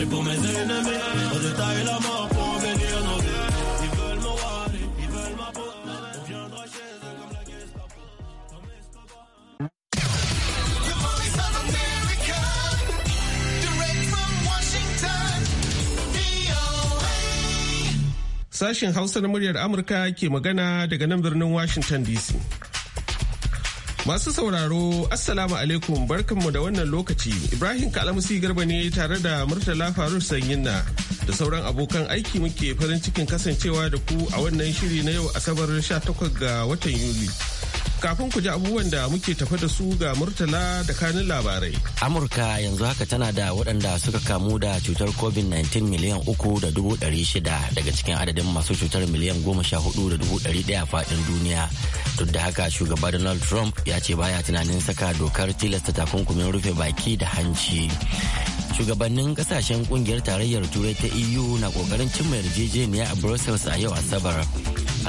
Et pour mes ennemis, on détaille la mort pour venir nos vies. from Sashen Hausa na muryar Amurka ke magana daga nan birnin Washington DC. Masu sauraro, Assalamu alaikum barkanmu da wannan lokaci. Ibrahim Kalamusi Garba ne tare da Murtala Faruk Sanyinna da sauran abokan aiki muke farin cikin kasancewa da ku a wannan shiri na yau Asabar 18 ga watan Yuli. Kafin ku ji abubuwan da muke tafa da su ga Murtala da kanin labarai. Amurka yanzu haka tana da waɗanda suka kamu da cutar COVID-19 miliyan uku da dubu ɗari shida daga cikin adadin masu cutar miliyan goma sha hudu da dubu ɗari ɗaya faɗin duniya. Duk da haka shugaba Donald Trump ya ce baya tunanin saka dokar tilasta takunkumin rufe baki da hanci. shugabannin kasashen kungiyar tarayyar turai ta eu na kokarin cimma yarjejeniya a brussels a yau asabar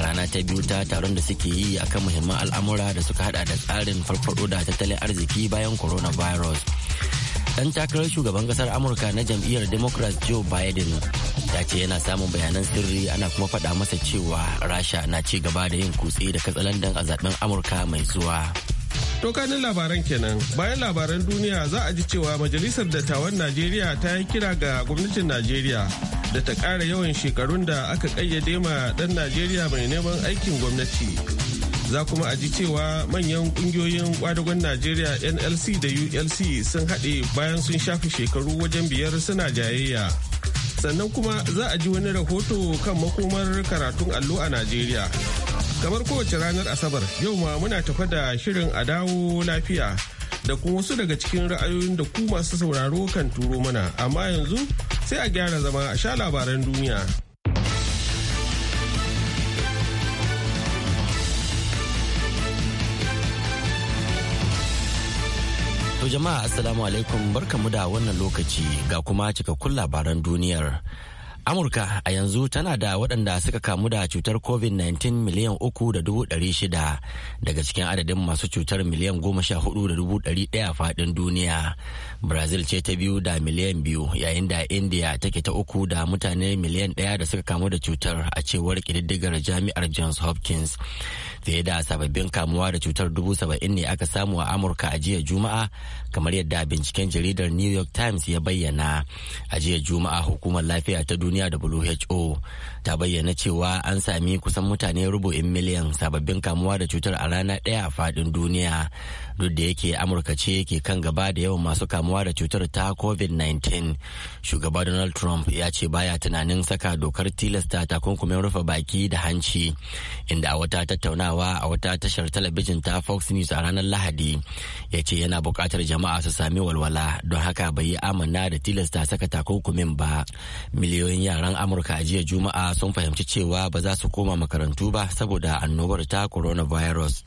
a rana ta biyu ta taron da suke yi akan muhimman al'amura da suka hada da tsarin farfado da tattalin arziki bayan coronavirus dan takarar shugaban kasar amurka na jam'iyyar democrat joe biden ya ce yana samun bayanan sirri ana kuma faɗa masa cewa rasha na ci gaba da yin kutse da katsalandan a zaben amurka mai zuwa Tokanin labaran kenan bayan labaran duniya za a ji cewa majalisar dattawan Najeriya ta yi kira ga gwamnatin Najeriya da ta ƙara yawan shekarun da aka ƙayyade ma ɗan najeriya mai neman aikin gwamnati za kuma a ji cewa manyan ƙungiyoyin kwadagon najeriya nlc da ulc sun haɗe bayan sun shafi shekaru wajen biyar suna jayayya sannan kuma za a ji wani rahoto kan makomar karatun allo a najeriya kamar kowace ranar asabar yau ma muna tafa da shirin a dawo lafiya da kuma wasu daga cikin ra'ayoyin da ku masu sauraro kan turo mana amma yanzu sai a gyara zama a sha labaran duniya. To jama'a assalamu alaikum barkamu da wannan lokaci ga kuma cikakkun labaran duniyar. Amurka a yanzu tana da waɗanda suka kamu da cutar COVID-19 miliyan uku da dubu ɗari shida daga cikin adadin masu cutar miliyan goma sha hudu da dubu ɗari ɗaya faɗin duniya. Brazil ce ta biyu da miliyan biyu yayin da India take ta uku da mutane miliyan ɗaya da suka kamu da cutar a cewar ƙididdigar jami'ar Johns Hopkins. fiye da sababbin kamuwa da cutar dubu saba'in ne aka samu a amurka a jiya juma'a kamar yadda binciken jaridar new york times ya bayyana a jiya juma'a hukumar lafiya ta duniya who ta bayyana cewa an sami kusan mutane rubu'in miliyan sababbin kamuwa da cutar a rana daya a fadin duniya duk da yake amurka ce ke kan gaba da yawan masu kamuwa da cutar ta covid-19 shugaba donald trump ya ce baya tunanin saka dokar tilasta takunkumin rufe baki da hanci inda a wata tattaunawa ganawa a wata tashar talabijin ta fox news a ranar lahadi ya ce yana buƙatar jama'a su sami walwala don haka bai yi amana da tilasta saka takunkumin ba miliyoyin yaran amurka a jiya juma'a sun fahimci cewa ba za su koma makarantu ba saboda annobar ta coronavirus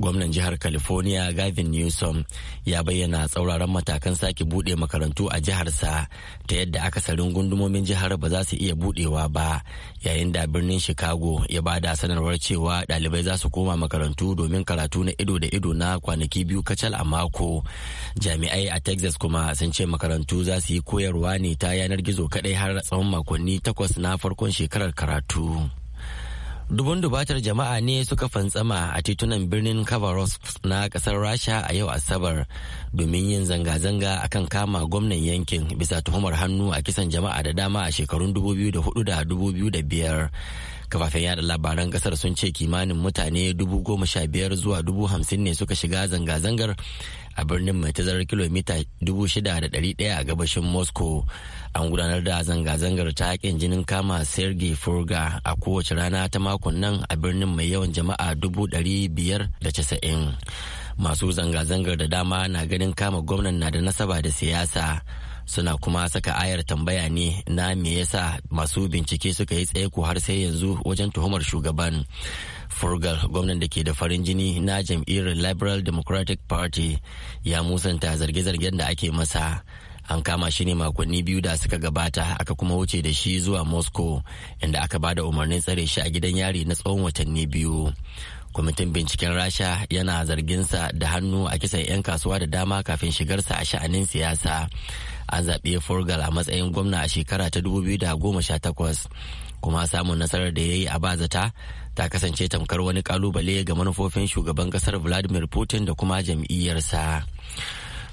gwamnan jihar california gavin newsom ya bayyana tsauraran matakan sake bude makarantu a jiharsa ta yadda akasarin gundumomin jihar ba za su iya budewa ba yayin da birnin chicago ya ba da sanarwar cewa dalibai za su koma makarantu domin karatu na ido da ido na kwanaki biyu kacal a mako jami'ai a texas kuma sun ce makarantu za su yi koyarwa ne ta yanar gizo kaɗai har tsawon makonni takwas na farkon shekarar karatu Dubun dubatar jama'a ne suka fantsama a titunan birnin Khabarovsk na kasar Rasha a yau Asabar domin yin zanga-zanga akan kama gwamnan yankin bisa tuhumar hannu a kisan jama'a da dama a shekarun 2004 da 2005. kafafen yada labaran kasar sun ce kimanin mutane dubu zuwa dubu ne suka shiga zanga-zangar a birnin mai tazarar kilomita 6,100 a gabashin moscow an gudanar da zanga-zangar ta yakin jinin kama sergei furga a kowace rana ta makon nan a birnin mai yawan jama'a dubu ɗari biyar da casa'in masu zanga-zangar da dama na ganin kama gwamnan na da nasaba da siyasa suna kuma saka ayar tambaya ne na me yasa masu bincike suka yi tsaiko har sai yanzu wajen tuhumar shugaban furgal gwamnan da ke da farin jini na jam'iyyar liberal democratic party ya musanta zarge-zargen da ake masa an kama shi ne makonni biyu da suka gabata aka kuma wuce da shi zuwa moscow inda aka ba da umarnin tsare shi a gidan yari na tsawon watanni biyu kwamitin binciken rasha yana zarginsa da hannu a kisan 'yan kasuwa da dama kafin shigarsa a sha'anin siyasa an zaɓe forgal a matsayin gwamna a shekara ta 2018 kuma samun nasarar da ya yi a bazata ta kasance tamkar wani kalubale ga manufofin shugaban kasar vladimir putin da kuma jam'iyyarsa.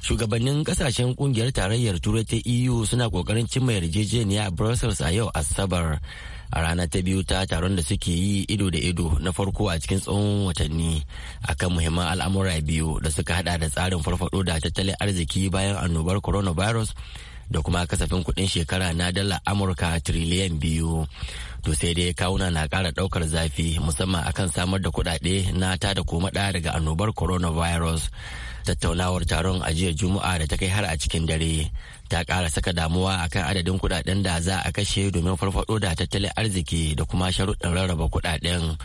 shugabannin kasashen kungiyar tarayyar turai ta eu suna kokarin cimma yarjejeniya a brussels a yau asabar a rana ta biyu ta taron da suke yi ido da ido na farko a cikin tsawon watanni akan muhimman al'amura biyu da suka hada da tsarin farfado da tattalin arziki bayan annobar coronavirus da kuma kasafin kudin shekara na dala amurka tiriliyan biyu to sai dai kawuna na kara ɗaukar zafi musamman akan samar da kuɗaɗe na ta da kuma ɗaya daga annobar coronavirus tattaunawar taron ajiya juma'a da ta kai har a cikin dare ta ƙara saka damuwa akan adadin kuɗaɗen da za a kashe domin farfaɗo da tattalin arziki da kuma sharuɗin rarraba kuɗaɗen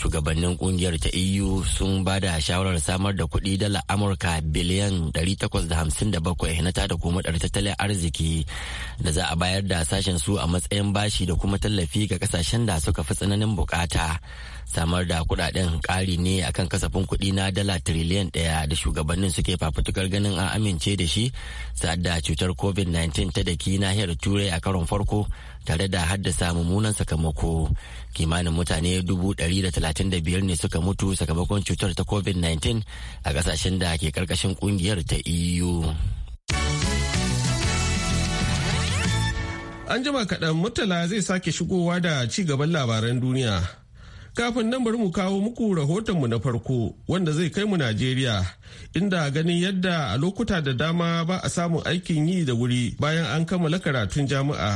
shugabannin kungiyar ta eu sun ba da shawarar samar da kuɗi dala amurka biliyan 857 na tada komadar tattalin arziki da za a bayar da sashen su a matsayin bashi da kuma tallafi ga kasashen da suka fi tsananin bukata samar da kuɗaɗen kari ne akan kasafin kuɗi na dala triliyan ɗaya da shugabannin suke fafutukar ganin an amince da shi sa'ad cutar covid-19 ta daki nahiyar turai a karon farko tare da haddasa mummunan sakamako kimanin mutane 135 ne suka mutu sakamakon cutar ta covid-19 a kasashen da ke karkashin kungiyar ta eu an jima kaɗan murtala zai sake shigowa da ci gaban labaran duniya kafin nan bari mu kawo muku rahotonmu na farko wanda zai kai mu najeriya inda ganin yadda a lokuta da dama ba a samun aikin yi da wuri bayan an kammala karatun jami'a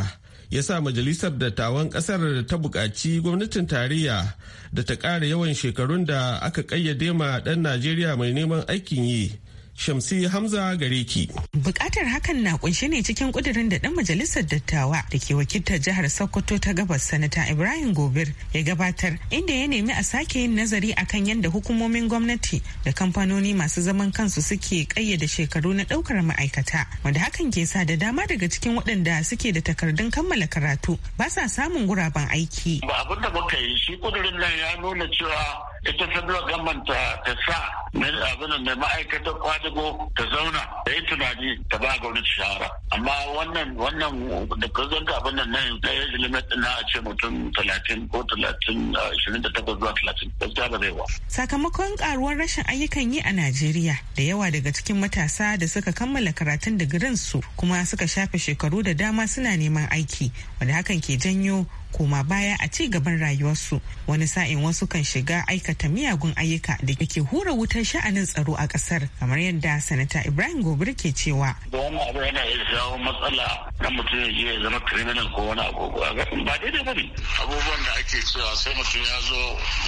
ya sa majalisar dattawan kasar ta buƙaci gwamnatin tarayya da ta ƙara yawan shekarun da aka ƙayyade ma ɗan najeriya mai neman aikin yi Shamsi Hamza gare ki. Bukatar hakan na kunshe ne cikin kudirin da ɗan majalisar dattawa da ke wakiltar jihar Sokoto ta gabas sanata Ibrahim Gobir ya gabatar inda ya nemi a sake yin nazari akan yadda hukumomin gwamnati da kamfanoni masu zaman kansu suke kayyade shekaru na ɗaukar ma'aikata wanda hakan ke sa da dama daga cikin waɗanda suke da takardun kammala karatu ba sa samun guraben aiki. Ba abin da muka yi shi kudirin nan ya nuna cewa ita federal government ta sa abin da ma'aikatar kwadago ta zauna da yi tunani ta ba ga wani shahara amma wannan wannan da kazan abin nan nan na yanzu limit na a ce mutum talatin ko talatin da takwas zuwa talatin ta ba zai wa. sakamakon karuwar rashin ayyukan yi a najeriya da yawa daga cikin matasa da suka kammala karatun digirin su kuma suka shafe shekaru da dama suna neman aiki wanda hakan ke janyo koma baya a ci gaban rayuwarsu wani sa'in wasu kan shiga aikata miyagun ayyuka da ke hura wutar sha'anin tsaro a kasar kamar yadda sanata ibrahim gobir ke cewa da wannan yana iya jawo matsala na mutum ya zama criminal ko wani agogo ba daidai ba ne abubuwan da ake cewa sai mutum ya zo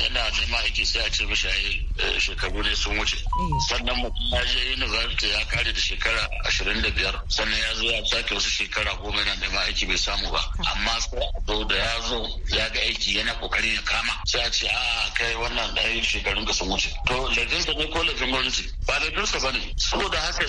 yana nema aiki sai a ce mishi ya eh, shekaru ne sun wuce mm. sannan mutum ya je university ya kare da shekara ashirin da biyar sannan ya zo ya sake wasu shekara goma yana nema aiki bai samu ba amma sai a zo da ya Wazo zo ya ga aiki yana kokarin ya kama sai a ce a ah, kai wannan ɗayan shekarun ka sun wuce to laifin ka ne ko laifin gwamnati ba ba ne saboda haka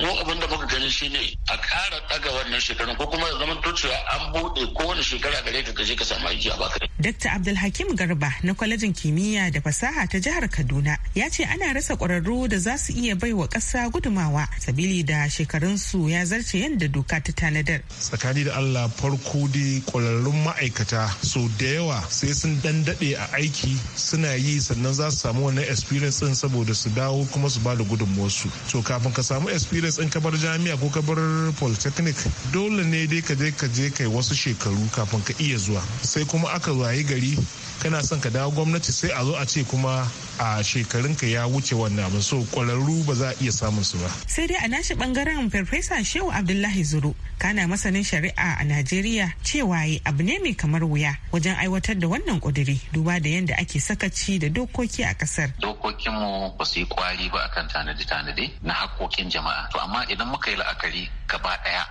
mu abin da muka gani shine a kara ɗaga wannan shekarun ko kuma zaman to an buɗe kowane shekara gare ka kaje ka samu aiki a baka. dakta Abdulhakim Garba na kwalejin kimiyya da fasaha ta jihar Kaduna ya ce ana rasa ƙwararru da za su iya wa ƙasa gudumawa sabili da shekarunsu ya zarce yadda doka ta tanadar. Tsakani da Allah farko dai ƙwararrun ma'aikata so da yawa sai sun dandaɗe a aiki suna yi sannan za su samu wannan experience ɗin saboda su dawo kuma su ba da gudunmuwarsu to kafin ka samu experience in ka bar jami'a ko ka bar polytechnic dole ne dai ka je ka je kai wasu shekaru kafin ka iya zuwa sai kuma aka wayi gari kana son ka dawo gwamnati sai a zo a ce kuma a shekarun ka ya wuce wannan abin so kwararru ba za a iya samun su ba. sai dai a nashi bangaren farfesa shehu abdullahi zuru kana masanin shari'a a najeriya cewa yi abu ne mai kamar wuya wajen aiwatar da wannan kuduri duba da yadda ake sakaci da dokoki a kasar. dokokinmu ba su yi kwari ba akan tanade-tanade na hakokin jama'a to amma idan muka yi la'akari gaba ɗaya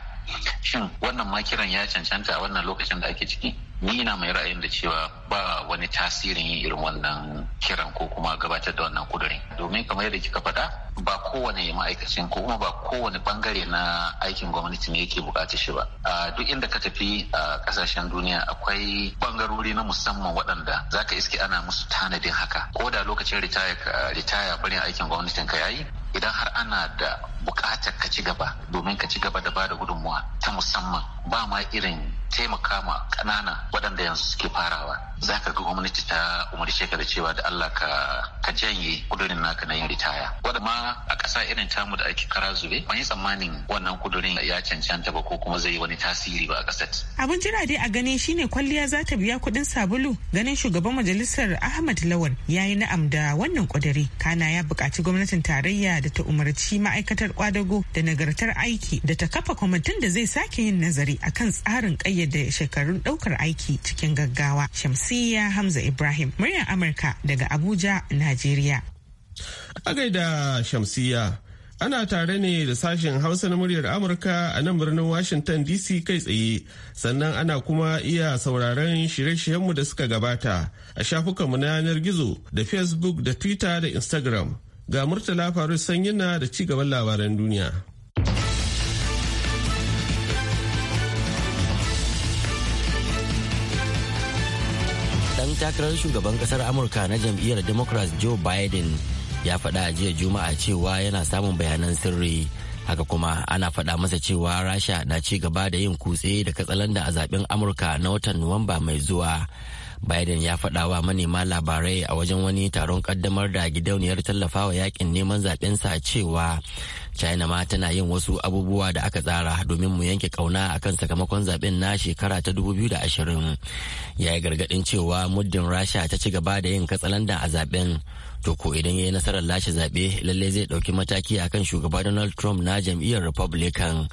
shin wannan makiran ya cancanta a wannan lokacin da ake ciki ni na mai ra'ayin da cewa ba wani tasirin yin irin wannan kiran ko kuma gabatar da wannan kudurin domin kamar yadda kika faɗa ba kowane ma'aikacin ko kuma ba kowane bangare na aikin gwamnati ne yake bukata shi ba a duk inda ka tafi a kasashen duniya akwai bangarori na musamman waɗanda za ka iske ana musu tanadin haka ko da lokacin ritaya barin aikin gwamnatin ka yayi idan har ana da bukatar ka ci gaba domin ka ci gaba da bada gudunmuwa ta musamman ba ma irin taimaka ma ƙanana waɗanda yanzu suke farawa za ka ga gwamnati ta umarce ka da cewa da Allah ka ka janye kudurin naka na yin ritaya wanda ma a ƙasa irin tamu da ake kara zube ban yi tsammanin wannan kudurin ya cancanta ba ko kuma zai yi wani tasiri ba a ƙasar abin jira dai a gani shine kwalliya za ta biya kuɗin sabulu ganin shugaban majalisar Ahmad Lawal ya yi na'am da wannan kudari kana ya buƙaci gwamnatin tarayya da ta umarci ma'aikatar kwadago da nagartar aiki da ta kafa kwamitin da zai sake yin nazari akan tsarin kayyade shekarun daukar aiki cikin gaggawa. Shamsiyya Hamza Ibrahim, muryar Amurka daga Abuja, Najeriya. A gaida Shamsiyya, ana tare ne da sashen Hausa na muryar Amurka a nan birnin Washington DC kai tsaye, sannan ana kuma iya sauraron shirye-shiryenmu da suka gabata a shafukanmu na yanar gizo da Facebook da Twitter da Instagram. Ga Murtala Faru Sanyina da ci gaban labaran duniya. Dan takarar shugaban kasar Amurka na jam'iyyar Democrats Joe Biden ya faɗa a jiya Juma'a cewa yana samun bayanan sirri. haka kuma ana faɗa masa cewa rasha na ci gaba da yin kutse da katsalanda a zaben amurka na watan nuwamba mai zuwa biden ya faɗa wa manema labarai a wajen wani taron kaddamar da gidauniyar tallafawa yakin neman zaɓensa cewa china ma tana yin wasu abubuwa da aka tsara domin mu yanke kauna akan sakamakon zaɓen na shekara ta 2020 ya yi gargaɗin cewa muddin rasha ta ci gaba da yin katsalandan a zaɓen to ko idan ya yi nasarar lashe zaɓe lalle zai ɗauki mataki akan shugaba donald trump na jam'iyyar republican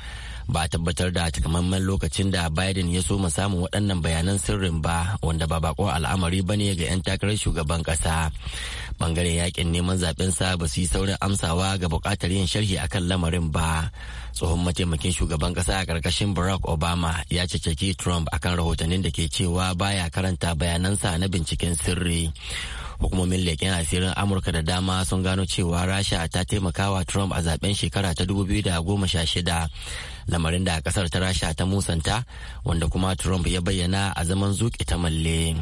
ba a tabbatar da takamaiman lokacin da biden ya so samun waɗannan bayanan sirrin ba wanda ba bako al'amari ba ne ga 'yan takarar shugaban ƙasa ɓangaren yakin neman zaben sa ba su yi saurin amsawa ga buƙatar yin sharhi akan lamarin ba tsohon mataimakin shugaban ƙasa a ƙarƙashin barack obama ya ceceki trump akan rahotannin da ke cewa baya karanta bayanansa na binciken sirri hukumomin leken asirin amurka da dama sun gano cewa rasha ta taimakawa trump a zaben shekara ta 2016 lamarin da kasar ta rasha ta musanta wanda kuma trump ya bayyana a zaman zuƙi ta malle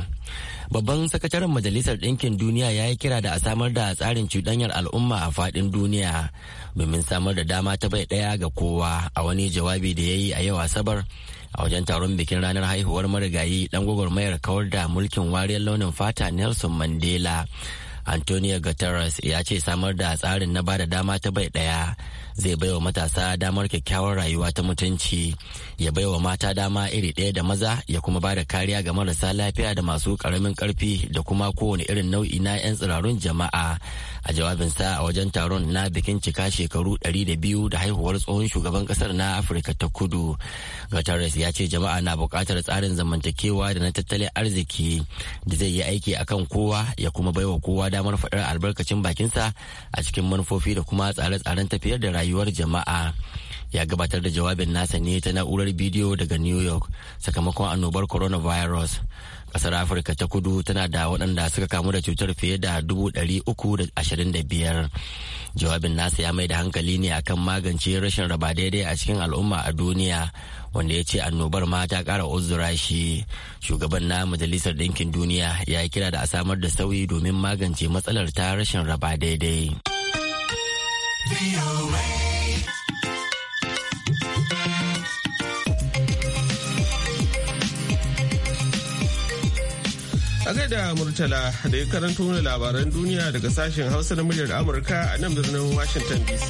babban sakataren majalisar ɗinkin duniya ya yi kira da a samar da tsarin cuɗanyar al'umma a faɗin duniya domin samar da dama ta bai ɗaya ga kowa a wani jawabi da ya yi a yau asabar a wajen taron bikin ranar haihuwar marigayi dan gwagwarmayar kawar da mulkin wariyar launin fata nelson mandela antonio guterres ya ce samar da tsarin na bada dama ta bai daya zai baiwa matasa damar kyakkyawar rayuwa ta mutunci ya baiwa mata dama iri ɗaya da maza ya kuma ba da kariya ga marasa lafiya da masu ƙaramin ƙarfi da kuma kowane irin nau'i na 'yan tsirarun jama'a a jawabinsa a wajen taron na bikin cika shekaru 200 da biyu da haihuwar tsohon shugaban ƙasar na afirka ta kudu guterres ya ce jama'a na buƙatar tsarin zamantakewa da na tattalin arziki da zai yi aiki akan kowa ya kuma baiwa kowa damar faɗar albarkacin bakinsa a cikin manufofi da kuma tsare-tsaren tafiyar da rayuwa rayuwar jama'a ya gabatar da jawabin nasa ne ta na'urar bidiyo daga new york sakamakon annobar coronavirus kasar afirka ta kudu tana da waɗanda suka kamu da cutar fiye da 325 jawabin nasa ya mai da hankali ne akan magance rashin raba daidai a cikin al'umma a duniya wanda ya ce annobar ma ta ƙara uzura shi shugaban na majalisar ɗinkin duniya ya yi kira da a samar da sauyi domin magance matsalar ta rashin raba daidai. A gaida Murtala da ya karanto mana labaran duniya daga sashen Hausa na muryar Amurka a nan birnin Washington DC.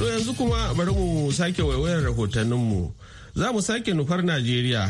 To yanzu kuma bari mu sake waiwayar rahotanninmu. Za mu sake nufar Najeriya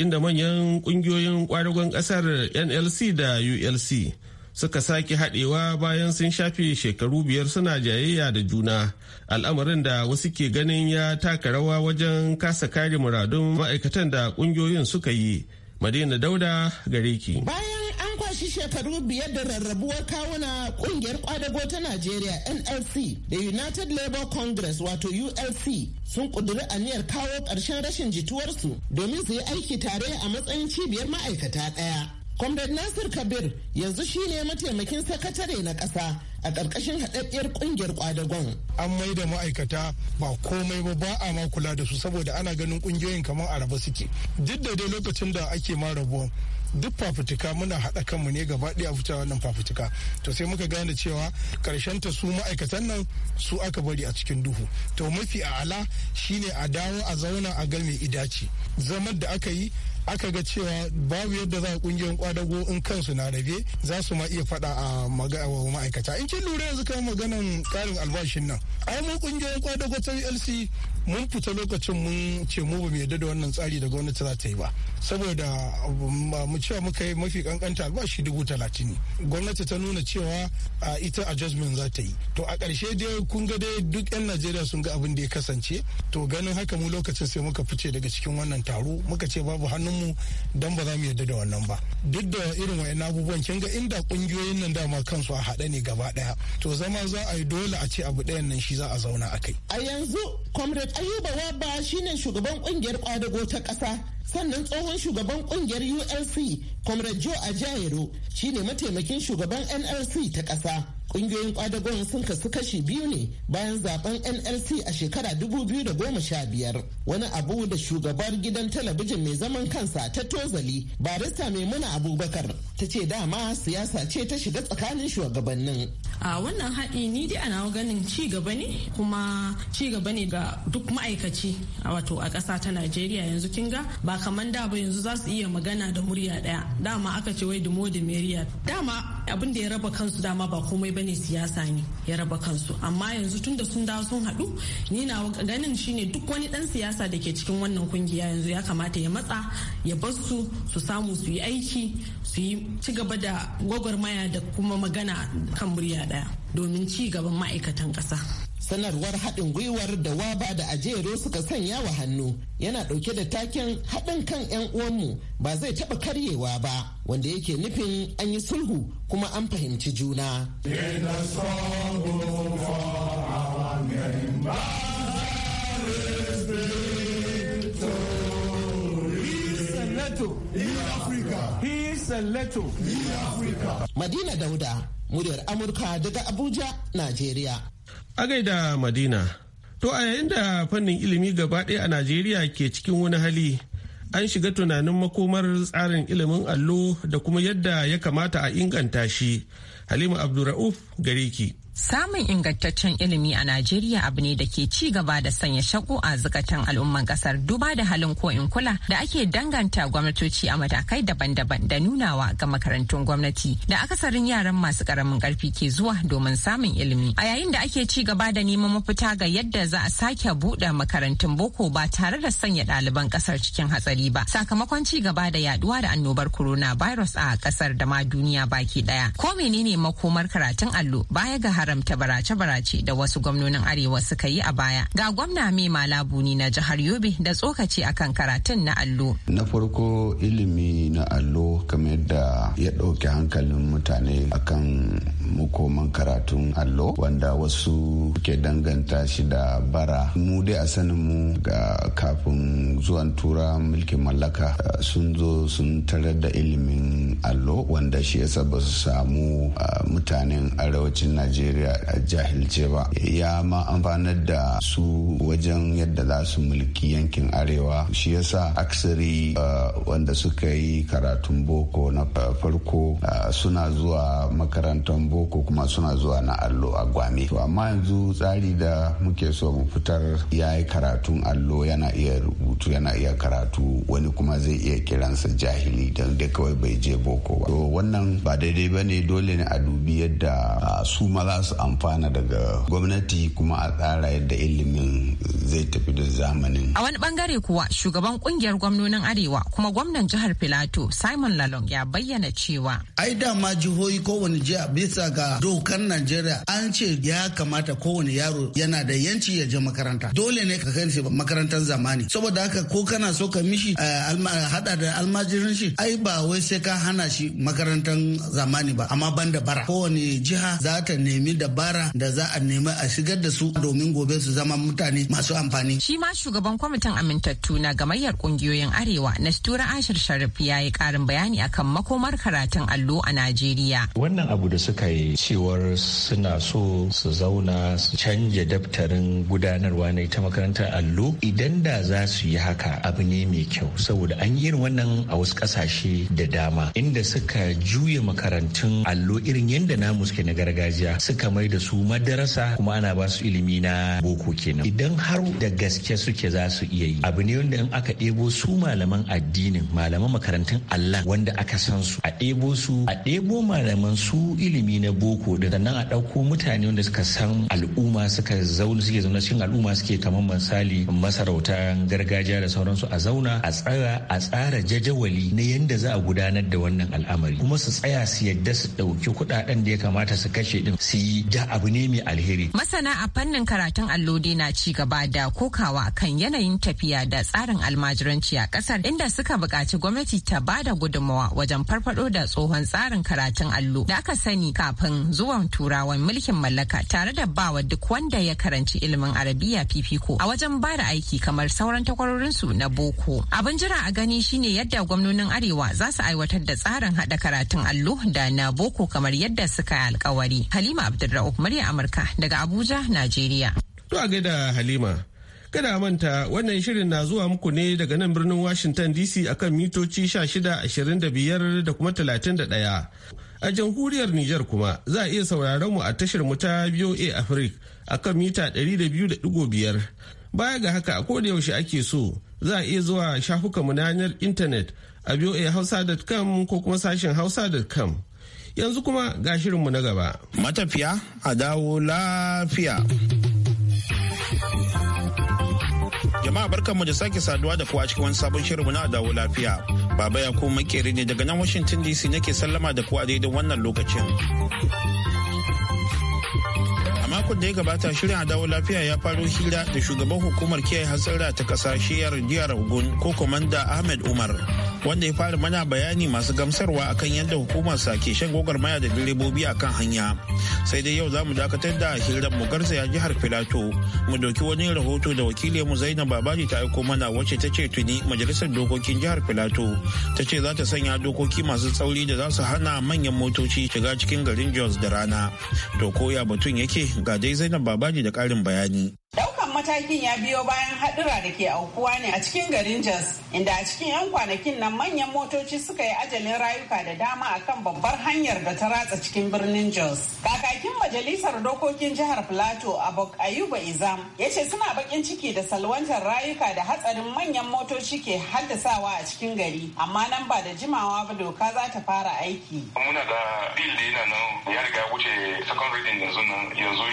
inda manyan kungiyoyin kwadagon kasar NLC da ULC suka sake haɗewa bayan sun shafe shekaru biyar suna jayayya da juna al'amarin da wasu ke ganin ya taka rawa wajen kasa kare muradun ma'aikatan da ƙungiyoyin suka yi madina dauda gare ki bayan an kwashi shekaru biyar da rarrabuwar kawuna kungiyar kwadago ta najeriya nlc da united labour congress wato ulc sun kuduri aniyar kawo ƙarshen rashin jituwarsu domin su yi aiki tare a matsayin cibiyar ma'aikata ɗaya Comrade Nasir Kabir yanzu shine mataimakin sakatare na ƙasa a ƙarƙashin haɗaɗɗiyar ƙungiyar ƙwadagon. An mai da ma'aikata ba komai ba ba a ma kula da su saboda ana ganin ƙungiyoyin kamar a raba suke. Duk da dai lokacin da ake ma rabuwa duk fafutuka muna haɗa kanmu ne gaba ɗaya a fita wannan fafutuka to sai muka gane cewa karshen ta su ma'aikatan nan su aka bari a cikin duhu to mafi a'ala shine a dawo a zauna a ga mai idaci zaman da aka yi aka ga cewa babu yadda za a ƙungiyar kwadago in kansu na rabe za su ma iya faɗa a ma'aikata in kin lura yanzu kai maganan karin albashin nan ai mu kungiyoyin kwadago ta LC mun fita lokacin mun ce mu ba mu yarda da wannan tsari da gwamnati za ta yi ba saboda mu cewa muka yi mafi kankanta albashi dubu talatin gwamnati ta nuna cewa a ita adjustment za ta yi to a ƙarshe dai kun ga dai duk 'yan najeriya sun ga abin da ya kasance to ganin haka mu lokacin sai muka fice daga cikin wannan taro muka ce babu hannunmu don ba za mu yarda da wannan ba duk da irin wa'in abubuwan kin ga inda kungiyoyin nan dama kansu a haɗe ne gaba ɗaya to zama za a yi dole a ce abu ɗayan nan shi za a zauna a kai a yanzu comrade Ayuba Wabba shine shugaban kungiyar kwadago ta kasa Sannan tsohon shugaban kungiyar ULC, Comrade Joe Ajayero, shine mataimakin shugaban NLC ta kasa kungiyoyin kwadagon sun kasu kashi biyu ne bayan zaben nlc a shekara 2015 wani abu da shugabar gidan talabijin mai zaman kansa ta tozali barista mai maimuna abubakar ta ce dama siyasa ce ta shiga tsakanin shugabannin a wannan haɗi ni dai ana ganin ci gaba ne kuma ci gaba ne ga duk ma'aikaci wato a ƙasa ta najeriya yanzu kin ga ba kaman da ba yanzu za su iya magana da murya ɗaya dama aka ce wai dumo da meriya dama abin da ya raba kansu dama ba komai bane siyasa ne ya raba kansu amma yanzu tunda sun dawo sun haɗu ni na ganin shine duk wani ɗan siyasa da ke cikin wannan kungiya yanzu ya kamata ya matsa ya bar su su samu su yi aiki su yi ci gaba da gwagwarmaya da kuma magana kan murya daya domin ci gaban ma'aikatan ƙasa. sanarwar haɗin gwiwar da waba da ajero suka sanya wa hannu yana ɗauke da taken haɗin kan 'yan uwanmu ba zai taɓa karyewa ba wanda yake nufin an yi sulhu kuma an fahimci juna. Sallato, Africa. Madina Dauda, muryar Amurka daga Abuja, Najeriya. A gaida Madina. To a yayin da fannin ilimi gaba ɗaya a Najeriya ke cikin wani hali, an shiga tunanin makomar tsarin ilimin allo da kuma yadda ya kamata a inganta shi. Halima Abdulra'uf gare ki. Samun ingantaccen ilimi a Najeriya abu ne da ke ci gaba da sanya shako a zukatan al'umman kasar duba da halin ko in kula da ake danganta gwamnatoci a matakai daban-daban da nunawa ga makarantun gwamnati da akasarin yaran masu karamin karfi ke zuwa domin samun ilimi. A yayin da ake ci gaba da neman mafita ga yadda za a sake buɗe makarantun boko ba tare da sanya ɗaliban kasar cikin hatsari ba sakamakon ci gaba da yaduwa da annobar Corona Virus a kasar da ma duniya baki ɗaya. Ko menene makomar karatun al Bello baya ga haramta barace-barace da wasu gwamnonin Arewa suka yi a baya. Ga gwamna mai malabuni na jihar Yobe da tsokaci akan karatun na allo. Na farko ilimi na allo kamar yadda ya ɗauki hankalin mutane akan makoman karatun allo wanda wasu ke danganta shi da bara. Mu dai a sanin mu ga kafin zuwan tura mulkin mallaka sun zo sun tarar da ilimin allo wanda shi ya ba su samu mutanen arewa arewacin najeriya a jahilce ba ya ma amfanar da su wajen yadda za su mulki yankin arewa shi yasa aksari uh, wanda suka yi karatun boko na uh, farko uh, suna zuwa makarantar boko kuma suna zuwa na allo a gwame to amma yanzu tsari da muke so mu fitar ya yi karatun allo yana iya rubutu yana iya karatu wani kuma zai iya kiransa jahili don dai kawai bai je boko ba to wannan ba daidai ba ne dole ne a dubi yadda su ma za su amfana daga gwamnati kuma a tsara yadda ilimin zai tafi da zamanin. A wani bangare kuwa shugaban kungiyar gwamnonin Arewa kuma gwamnan jihar Filato Simon Lalong ya bayyana cewa. Ai dama jihohi kowane jiya bisa ga dokar Najeriya an ce ya kamata kowane yaro yana da yanci ya je makaranta. Dole ne ka kai makarantar zamani. Saboda haka ko kana so ka mishi eh, hada da almajirin shi ai ba wai sai ka hana shi makarantar zamani ba amma banda bara. Kowane jiha Zata za ta nemi dabara da za a nemi a shigar da su domin gobe su zama mutane masu amfani. Shi ma shugaban kwamitin amintattu na gamayyar kungiyoyin Arewa na Stura Ashir Sharif ya yi karin bayani akan makomar karatun allo a Najeriya. Wannan abu da suka yi cewar suna so su zauna su canja daftarin gudanarwa na ita makarantar allo idan da za su yi haka abu ne mai kyau saboda an yi irin wannan a wasu ƙasashe da dama inda suka juya makarantun allo irin yadda namu suke na gargajiya suka mai da su madarasa kuma ana ba su ilimi na boko kenan idan har da gaske suke za su iya yi abu ne wanda in aka ɗebo su malaman addinin malaman makarantun Allah wanda aka san su a ɗebo su a ɗebo malaman su ilimi na boko da sannan a ɗauko mutane wanda suka san al'umma suka zauna suke zauna cikin al'umma suke kamar misali masarautan gargajiya da sauransu a zauna a tsara a tsara jadawali na yadda za a gudanar da wannan al'amari kuma su tsaya su yadda su ɗauki kuɗaɗen da ya kamata su su kashe din su yi da abu ne mai alheri. Masana a fannin karatun allo dai na ci gaba da kokawa kan yanayin tafiya da tsarin almajiranci a kasar inda suka bukaci gwamnati ta ba da gudunmawa wajen farfado da tsohon tsarin karatun allo da aka sani kafin zuwan turawan mulkin mallaka tare da bawa duk wanda ya karanci ilimin arabiya fifiko a wajen ba da aiki kamar sauran takwarorinsu na boko. Abin jira a gani shine yadda gwamnonin arewa za su aiwatar da tsarin haɗa karatun allo da na boko kamar yadda suka yi alkawari. alkawari. Halima Abdulra'uf murya Amurka daga Abuja, Najeriya. To a gaida Halima. Kada manta wannan shirin na zuwa muku ne daga nan birnin Washington DC akan mitoci ashirin da kuma ɗaya. A jamhuriyar Nijar kuma za a iya sauraron mu a tashar mu ta a Africa akan mita ɗari da 200.5. Baya ga haka a koda yaushe ake so za a iya zuwa shafukanmu na yanar intanet a boahausa.com ko kuma sashen hausa.com. Yanzu kuma ga shirinmu na gaba. Matafiya a dawo lafiya. Jama'a barkanmu da sake saduwa da kuwa cikin wani sabon shirinmu na dawo lafiya. Baba ya kuma makeri ne daga nan Washington DC nake sallama da kuwa daidai wannan lokacin. makon da ya gabata shirin adawo lafiya ya faro hira da shugaban hukumar kiyaye hatsara ta kasa shiyar jihar ogun ko komanda ahmed umar wanda ya fara mana bayani masu gamsarwa akan yadda hukumar sa ke shan gwagwarmaya da direbobi akan hanya sai dai yau za mu dakatar da hirar mu garzaya jihar filato mu doki wani rahoto da wakilinmu zainab babaji ta aiko mana wacce ta ce tuni majalisar dokokin jihar filato ta ce za ta sanya dokoki masu tsauri da za su hana manyan motoci shiga cikin garin jos da rana to koya batun yake ga dai zainab babaji da karin bayani matakin ya biyo bayan haɗura da ke aukuwa ne a cikin garin Jos, inda a cikin 'yan kwanakin nan manyan motoci suka yi ajalin rayuka da dama akan babbar hanyar da ta ratsa cikin birnin Jos. Kakakin majalisar dokokin jihar Plateau, Abok Ayuba Izam, ya ce suna bakin ciki da salwantar rayuka da hatsarin manyan motoci ke haddasawa a cikin gari, amma nan ba da jimawa ba doka za ta fara aiki. Muna da bil da yana nan ya riga wuce second reading yanzu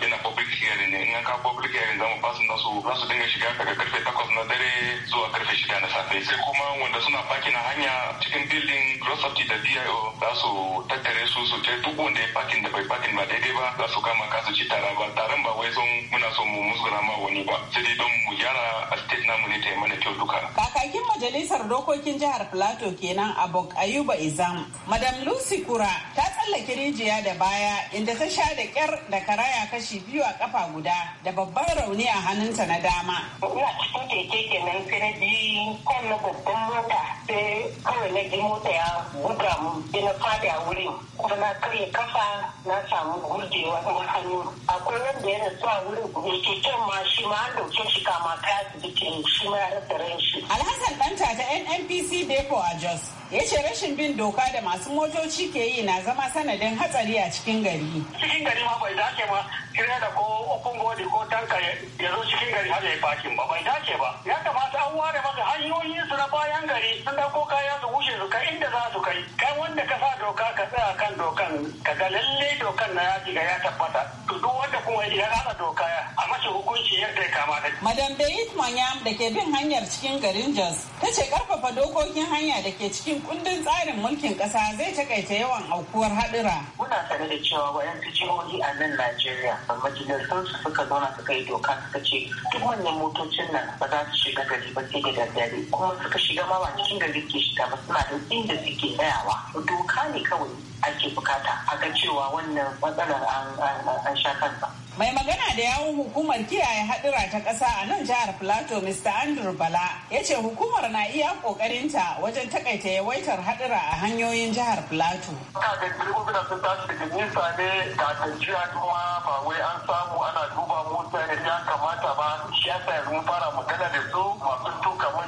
yana public hearing ne in ka public hearing basu fasin nasu za su dinga shiga daga karfe takwas na dare zuwa karfe shida na safe sai kuma wanda suna faki na hanya cikin bildin rosati da dio za su tattare su su je duk wanda ya fakin da bai fakin ba daidai ba za su kama kasu ci tara ba taron ba wai sun muna son mu musgura ma wani ba sai dai don mu gyara a state namu ne ta yi mana kyau duka. kakakin majalisar dokokin jihar plateau kenan abok ayuba izam madam lucy kura ta tsallake rijiya da baya inda ta sha da kyar da karaya kashi biyu a kafa guda da babban rauni ne a hannunta na dama. Ina cikin keke kenan sai na ji kan na babban mota sai kawai na ji mota ya buga mu sai na fadi a wurin kuma na karya kafa na samu gurjewa na hannu. Akwai wanda yana zuwa wurin ke kyan ma shi ma an dauke shi kama kaya asibiti shi ma ya rasa ran shi. Alhassan ɗanta ta NNPC Depo a Jos. ya ce rashin bin doka da masu motoci ke yi na zama sanadin hatsari a cikin gari. Cikin gari ma bai dace ba, kira da ko open body ko tanka ya zo cikin gari har ya yi ba, bai dace ba. Ya kamata an ware masa hanyoyin su na bayan gari sun dauko kaya su wuce su kai inda za su kai. Kai wanda ka sa doka ka tsaya kan dokan, ka ga lalle dokan na ya ga ya tabbata. To duk wanda kuma ya rasa doka ya. mata hukunci yadda ya kamata. Madam Beyit Manyam da ke bin hanyar cikin garin Jos ta ce karfafa dokokin hanya da ke cikin kundin tsarin mulkin kasa zai takaita yawan aukuwar haɗura. Muna sane da cewa wayansu jihohi a nan Najeriya majalisar su suka zauna suka yi doka suka ce duk wannan motocin nan ba za su shiga gari ba sai da daddare kuma suka shiga ma ba cikin gari ke shiga ba suna da inda suke tsayawa doka ne kawai ake bukata a ga cewa wannan matsalar an sha kansa. Mai magana da yawun hukumar kiyaye hadura ta ƙasa a nan jihar Plateau Mr. Andrew Bala ya ce hukumar na iya ƙoƙarinta wajen takaita yawaitar hadura a hanyoyin jihar Plateau. da direbobi sun tashi daga ne da kuma ba wai an samu ana duba motsa ya kamata ba shi yasa yanzu fara magana da su masu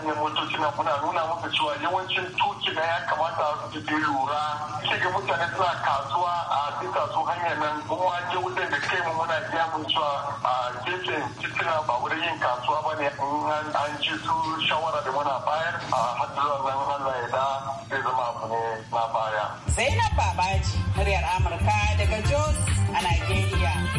manyan motoci na muna nuna maka cewa yawancin tuki da ya kamata su ke lura sai ga mutane suna kasuwa a bisa su hanyar nan kuma ke wutan da kai mu muna iya mun cewa a gefen titina ba wurin yin kasuwa ba ne an ji su shawara da muna bayar a hadduran nan Allah ya da zai zama abu ne na baya. Zainab Babaji, muryar Amurka daga Jos a Nigeria.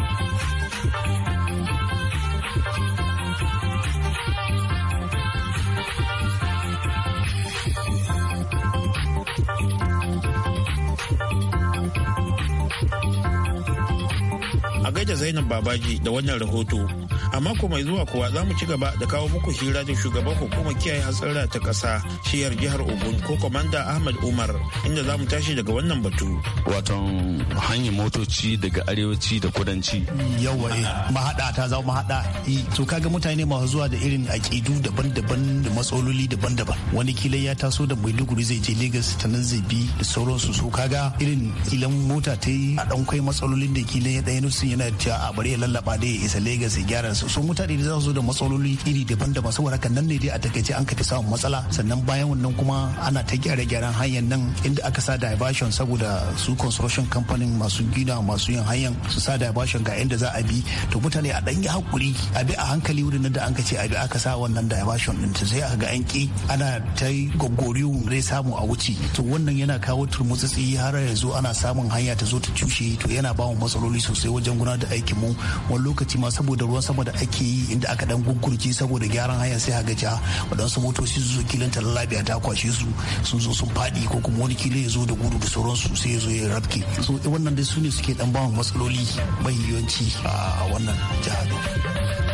da Zainab Babaji da wannan rahoto. a mako mai zuwa kowa za mu ci gaba da kawo muku hira da shugaban hukumar kiyaye hasara ta kasa shiyar jihar ogun ko kwamanda ahmad umar inda za mu tashi daga wannan batu waton hanyar motoci daga arewaci da kudanci yawa eh, mahaɗa ta zama mahaɗa eh, to kaga mutane masu zuwa da irin aƙidu daban-daban da matsaloli daban-daban wani kila ya taso da maiduguri zai je legas ta nan zai bi da sauransu so kaga irin ilan mota ta yi a ɗan kai matsalolin da kila ya ɗaya nufin yana ta a bari ya lallaba da ya isa legas ya gyara so mutane da za zo da matsaloli iri daban-daban saboda hakan nan ne dai a takaice an kafi samun matsala sannan bayan wannan kuma ana ta gyare gyaran hanyar nan inda aka sa diversion saboda su construction company masu gina masu yin hanyar su sa diversion ga inda za a bi to mutane a dan yi hakuri a bi a hankali wurin da an ka ce a bi aka sa wannan diversion din sai aka ga an ki ana ta gogoriyu zai samu a wuce to wannan yana kawo turmutsitsi har yanzu ana samun hanya ta zo ta cushe to yana ba mu matsaloli sosai wajen gudanar da aikin mu wani lokaci ma saboda ruwan sama da ake yi inda aka dan gugurje saboda gyaran hanyar sai ga ja waɗansu motoci su zo kilin talalabiya ta kwashe su sun zo sun faɗi ko kuma wani kila ya zo da gudu da sauransu sai ya zo ya rafke so wannan dai su ne suke dan bawa matsaloli mai yawanci a wannan jihar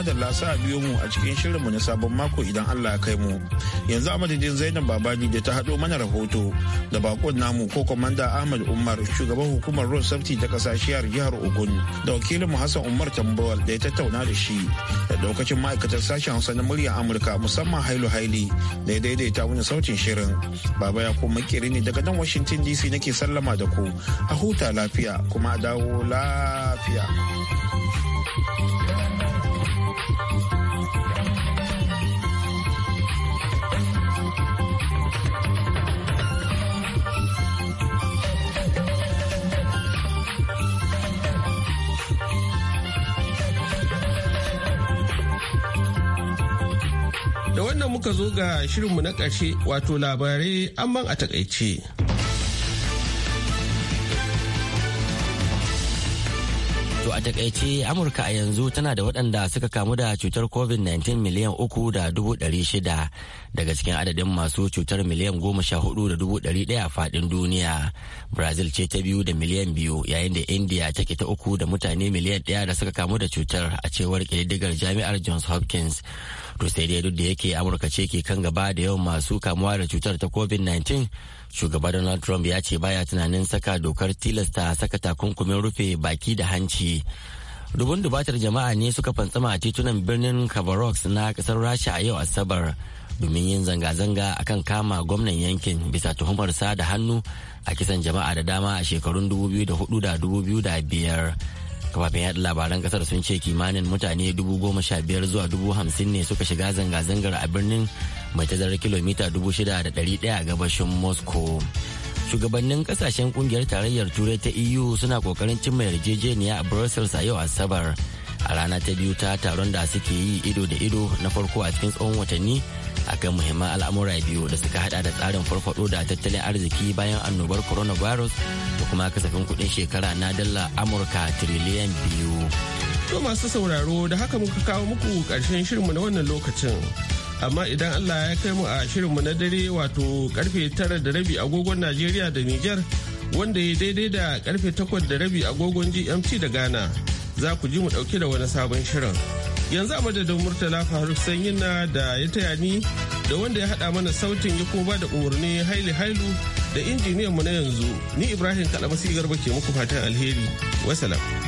da lasa a biyo mu a cikin shirinmu na sabon mako idan Allah ya kai mu. Yanzu a madadin Zainab Babaji da ta haɗo mana rahoto da bakon namu ko kwamanda Ahmad Umar shugaban hukumar Road Safety ta ƙasa shiyar jihar Ogun da wakilin mu Hassan Umar Tambawal da ya tattauna da shi da daukacin ma'aikatar sashen Hausa na muryar Amurka musamman Hailu Haili da ya daidaita wani sautin shirin. Baba ya kuma makeri ne daga nan Washington DC nake sallama da ku a huta lafiya kuma a dawo lafiya. muka zo ga shirinmu na ƙarshe wato labarai amman a takaice. takaice Amurka a yanzu tana da waɗanda suka kamu da cutar COVID-19 miliyan uku da dubu ɗari shida daga cikin adadin masu cutar miliyan goma sha hudu da dubu ɗari ɗaya a faɗin duniya. Brazil ce ta biyu da miliyan biyu yayin da India take ta uku da mutane miliyan ɗaya da suka kamu da cutar a cewar ƙididdigar jami'ar Johns Hopkins. To sai duk da yake Amurka ce ke kan gaba da yawan masu kamuwa da cutar ta COVID-19 shugaba Donald Trump ya ce baya tunanin saka dokar tilasta saka takunkumin rufe baki da hanci dubun dubatar jama'a ne suka fantsama a titunan birnin kabarok na kasar rasha a yau asabar domin yin zanga-zanga akan kama gwamnan yankin bisa tuhumar da hannu a kisan jama'a da dama a shekarun 2004 da 2005 kafafen yada labaran kasar sun ce kimanin mutane 15,000 zuwa 50,000 ne suka shiga zanga-zangar a birnin mai tazarar kilomita 6,100 gabashin moscow shugabannin kasashen kungiyar tarayyar turai ta eu suna kokarin cimma yarjejeniya a brussels a yau asabar a rana ta biyu ta taron da suke yi ido da ido na farko a cikin tsawon watanni a kan muhimman al'amura biyu da suka hada da tsarin farfado da tattalin arziki bayan annobar coronavirus da kuma kasafin kudin shekara na dala amurka tiriliyan biyu to masu sauraro da haka muka kawo muku karshen shirinmu na wannan lokacin amma idan allah ya kai mu a shirinmu na dare wato karfe tara da rabi agogon najeriya da nijar wanda ya daidai da karfe takwas da rabi agogon gmt da ghana za ku ji mu dauke da wani sabon shirin yanzu a madadin murtala faruk sanyin na da ya taya ni da wanda ya haɗa mana sautin ya koba da umarni haili hailu da injiniyan mu na yanzu ni ibrahim kalamasi garba ke muku fatan alheri wasalam.